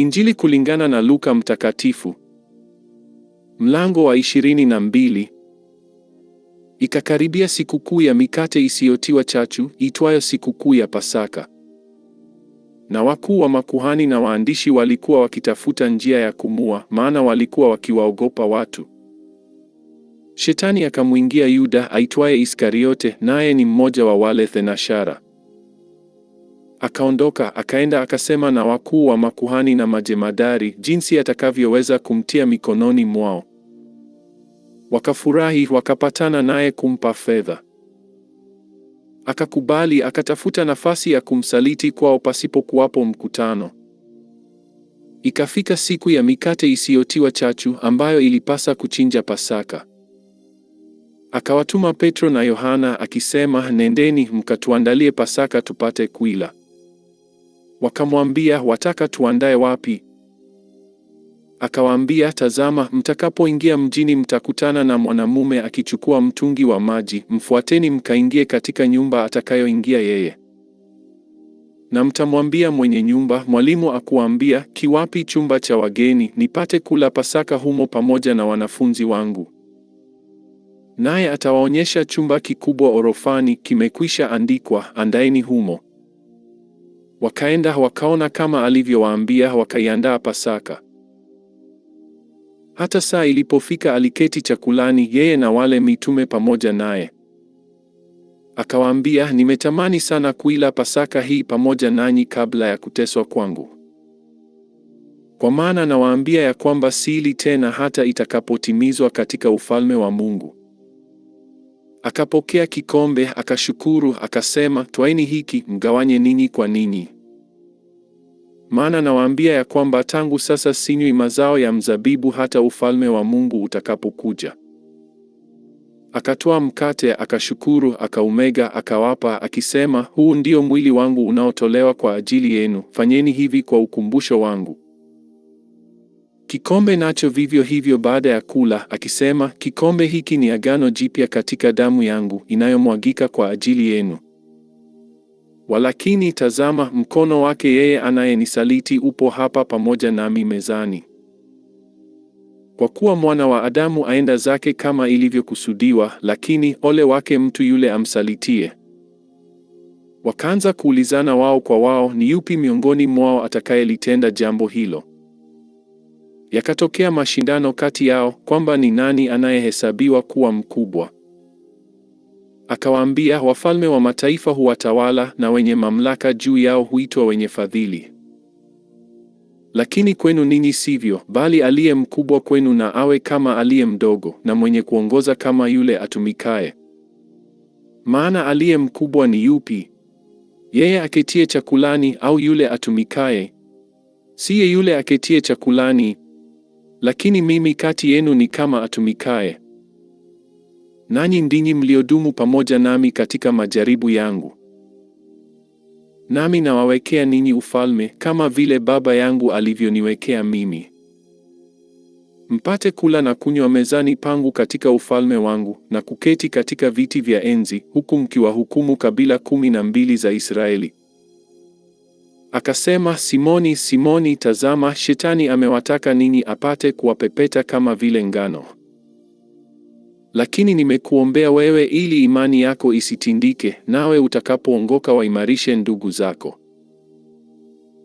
Injili kulingana na Luka Mtakatifu, mlango wa 22. Ikakaribia sikukuu ya mikate isiyotiwa chachu itwayo sikukuu ya Pasaka, na wakuu wa makuhani na waandishi walikuwa wakitafuta njia ya kumua, maana walikuwa wakiwaogopa watu. Shetani akamwingia Yuda aitwaye Iskariote, naye ni mmoja wa wale thenashara. Akaondoka akaenda akasema na wakuu wa makuhani na majemadari jinsi atakavyoweza kumtia mikononi mwao. Wakafurahi, wakapatana naye kumpa fedha. Akakubali, akatafuta nafasi ya kumsaliti kwao pasipokuwapo mkutano. Ikafika siku ya mikate isiyotiwa chachu ambayo ilipasa kuchinja Pasaka. Akawatuma Petro na Yohana akisema, nendeni mkatuandalie Pasaka tupate kuila. Wakamwambia, wataka tuandae wapi? Akawaambia, tazama, mtakapoingia mjini mtakutana na mwanamume akichukua mtungi wa maji, mfuateni mkaingie katika nyumba atakayoingia yeye na mtamwambia mwenye nyumba, Mwalimu akuambia, kiwapi chumba cha wageni, nipate kula Pasaka humo pamoja na wanafunzi wangu? Naye atawaonyesha chumba kikubwa orofani, kimekwisha andikwa, andaeni humo. Wakaenda wakaona kama alivyowaambia, wakaiandaa Pasaka. Hata saa ilipofika, aliketi chakulani, yeye na wale mitume pamoja naye. Akawaambia, nimetamani sana kuila Pasaka hii pamoja nanyi kabla ya kuteswa kwangu. Kwa maana nawaambia ya kwamba sili tena hata itakapotimizwa katika ufalme wa Mungu. Akapokea kikombe, akashukuru, akasema, twaini hiki, mgawanye ninyi kwa ninyi, maana nawaambia ya kwamba tangu sasa sinywi mazao ya mzabibu hata ufalme wa Mungu utakapokuja. akatoa mkate, akashukuru, akaumega, akawapa, akisema, huu ndio mwili wangu unaotolewa kwa ajili yenu, fanyeni hivi kwa ukumbusho wangu. Kikombe nacho vivyo hivyo baada ya kula, akisema, kikombe hiki ni agano jipya katika damu yangu inayomwagika kwa ajili yenu. Walakini tazama, mkono wake yeye anayenisaliti upo hapa pamoja nami mezani. Kwa kuwa mwana wa Adamu aenda zake kama ilivyokusudiwa, lakini ole wake mtu yule amsalitie. Wakaanza kuulizana wao kwa wao, ni yupi miongoni mwao atakayelitenda jambo hilo yakatokea mashindano kati yao kwamba ni nani anayehesabiwa kuwa mkubwa. Akawaambia, wafalme wa mataifa huwatawala na wenye mamlaka juu yao huitwa wenye fadhili. Lakini kwenu ninyi sivyo, bali aliye mkubwa kwenu na awe kama aliye mdogo, na mwenye kuongoza kama yule atumikaye. Maana aliye mkubwa ni yupi? Yeye aketie chakulani au yule atumikaye? Siye yule aketie chakulani, lakini mimi kati yenu ni kama atumikaye, nanyi ndinyi mliodumu pamoja nami katika majaribu yangu. Nami nawawekea ninyi ufalme, kama vile Baba yangu alivyoniwekea mimi, mpate kula na kunywa mezani pangu katika ufalme wangu, na kuketi katika viti vya enzi, huku mkiwahukumu kabila kumi na mbili za Israeli. Akasema, Simoni, Simoni, tazama, shetani amewataka ninyi apate kuwapepeta kama vile ngano. Lakini nimekuombea wewe ili imani yako isitindike, nawe utakapoongoka waimarishe ndugu zako.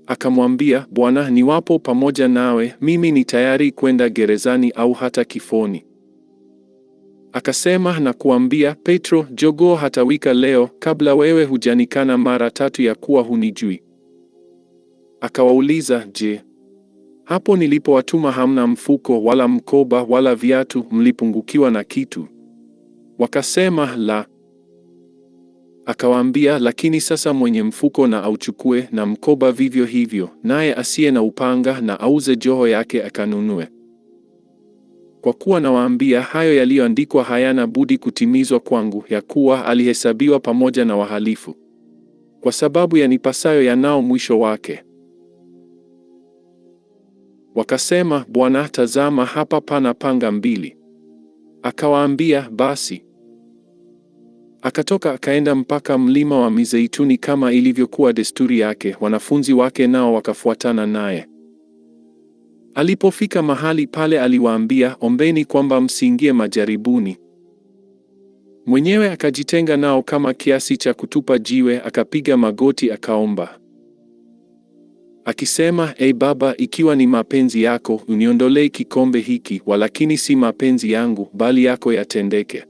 Akamwambia, Bwana, niwapo pamoja nawe, mimi ni tayari kwenda gerezani au hata kifoni. Akasema, nakuambia Petro, jogoo hatawika leo kabla wewe hujanikana mara tatu ya kuwa hunijui. Akawauliza, je, hapo nilipowatuma hamna mfuko wala mkoba wala viatu? Mlipungukiwa na kitu? Wakasema, la. Akawaambia, lakini sasa mwenye mfuko na auchukue, na mkoba vivyo hivyo, naye asiye na upanga na auze joho yake akanunue. Kwa kuwa nawaambia, hayo yaliyoandikwa hayana budi kutimizwa kwangu, ya kuwa alihesabiwa pamoja na wahalifu. Kwa sababu yanipasayo yanao mwisho wake. Wakasema, Bwana, tazama hapa pana panga mbili. Akawaambia, basi. Akatoka akaenda mpaka mlima wa Mizeituni kama ilivyokuwa desturi yake, wanafunzi wake nao wakafuatana naye. Alipofika mahali pale, aliwaambia, ombeni kwamba msiingie majaribuni. Mwenyewe akajitenga nao kama kiasi cha kutupa jiwe, akapiga magoti akaomba akisema, Ei Baba, ikiwa ni mapenzi yako, uniondolee kikombe hiki, walakini si mapenzi yangu, bali yako yatendeke.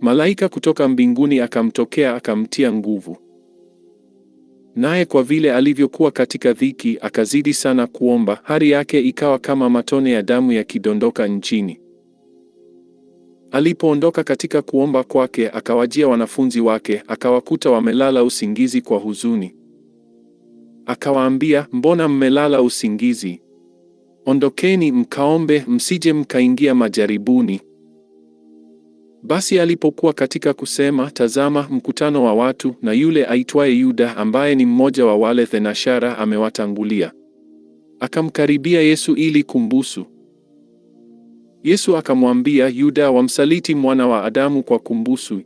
Malaika kutoka mbinguni akamtokea akamtia nguvu. Naye kwa vile alivyokuwa katika dhiki, akazidi sana kuomba, hari yake ikawa kama matone ya damu yakidondoka nchini. Alipoondoka katika kuomba kwake, akawajia wanafunzi wake, akawakuta wamelala usingizi kwa huzuni akawaambia, mbona mmelala usingizi? Ondokeni mkaombe, msije mkaingia majaribuni. Basi alipokuwa katika kusema, tazama, mkutano wa watu na yule aitwaye Yuda ambaye ni mmoja wa wale thenashara amewatangulia, akamkaribia Yesu ili kumbusu. Yesu akamwambia, Yuda, wamsaliti mwana wa Adamu kwa kumbusu?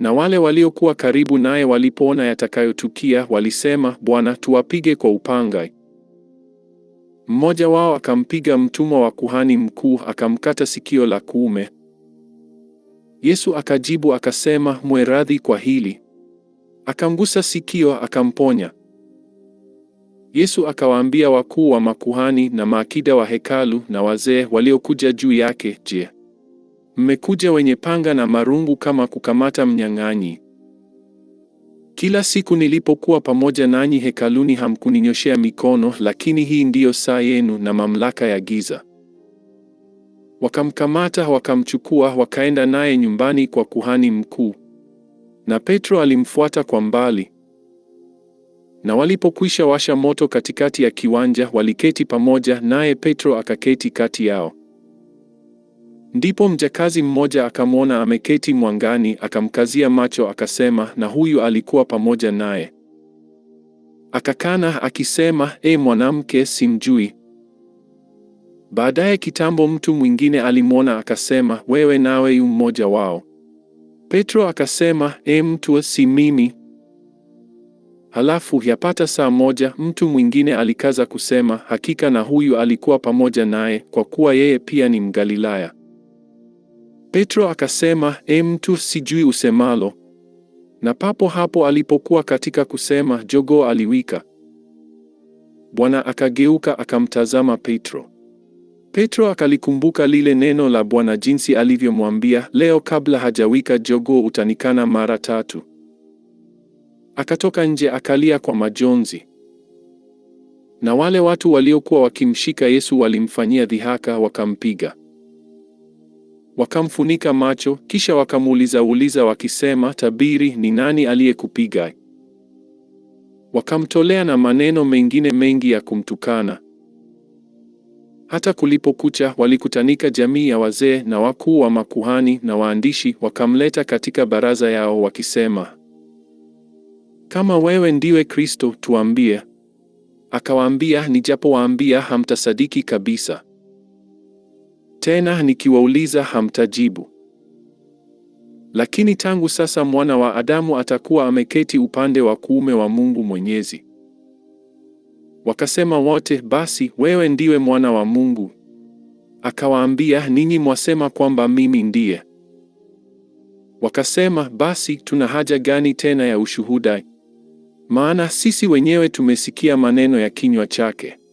Na wale waliokuwa karibu naye walipoona yatakayotukia, walisema, Bwana, tuwapige kwa upanga. Mmoja wao akampiga mtumwa wa kuhani mkuu, akamkata sikio la kuume. Yesu akajibu akasema, mwe radhi kwa hili. Akamgusa sikio, akamponya. Yesu akawaambia wakuu wa makuhani na maakida wa hekalu na wazee waliokuja juu yake, Je, Mmekuja wenye panga na marungu kama kukamata mnyang'anyi. Kila siku nilipokuwa pamoja nanyi hekaluni hamkuninyoshea mikono, lakini hii ndiyo saa yenu na mamlaka ya giza. Wakamkamata, wakamchukua, wakaenda naye nyumbani kwa kuhani mkuu, na Petro alimfuata kwa mbali. Na walipokwisha washa moto katikati ya kiwanja, waliketi pamoja naye, Petro akaketi kati yao. Ndipo mjakazi mmoja akamwona ameketi mwangani, akamkazia macho akasema, na huyu alikuwa pamoja naye. Akakana akisema, e, mwanamke, simjui. Baadaye kitambo mtu mwingine alimwona akasema, wewe nawe yu mmoja wao. Petro akasema, e, mtu si mimi. Halafu yapata saa moja, mtu mwingine alikaza kusema, hakika na huyu alikuwa pamoja naye, kwa kuwa yeye pia ni Mgalilaya. Petro akasema, E mtu, sijui usemalo. Na papo hapo alipokuwa katika kusema, jogoo aliwika. Bwana akageuka akamtazama Petro. Petro akalikumbuka lile neno la Bwana jinsi alivyomwambia, leo kabla hajawika jogoo utanikana mara tatu. Akatoka nje akalia kwa majonzi. Na wale watu waliokuwa wakimshika Yesu walimfanyia dhihaka, wakampiga. Wakamfunika macho, kisha wakamuuliza uliza wakisema, tabiri, ni nani aliyekupiga? Wakamtolea na maneno mengine mengi ya kumtukana. Hata kulipokucha, walikutanika jamii ya wazee na wakuu wa makuhani na waandishi, wakamleta katika baraza yao wakisema, kama wewe ndiwe Kristo tuambie. Akawaambia, nijapowaambia hamtasadiki kabisa. Tena nikiwauliza hamtajibu. Lakini tangu sasa mwana wa Adamu atakuwa ameketi upande wa kuume wa Mungu Mwenyezi. Wakasema wote, basi wewe ndiwe mwana wa Mungu. Akawaambia, ninyi mwasema kwamba mimi ndiye. Wakasema, basi tuna haja gani tena ya ushuhuda? Maana sisi wenyewe tumesikia maneno ya kinywa chake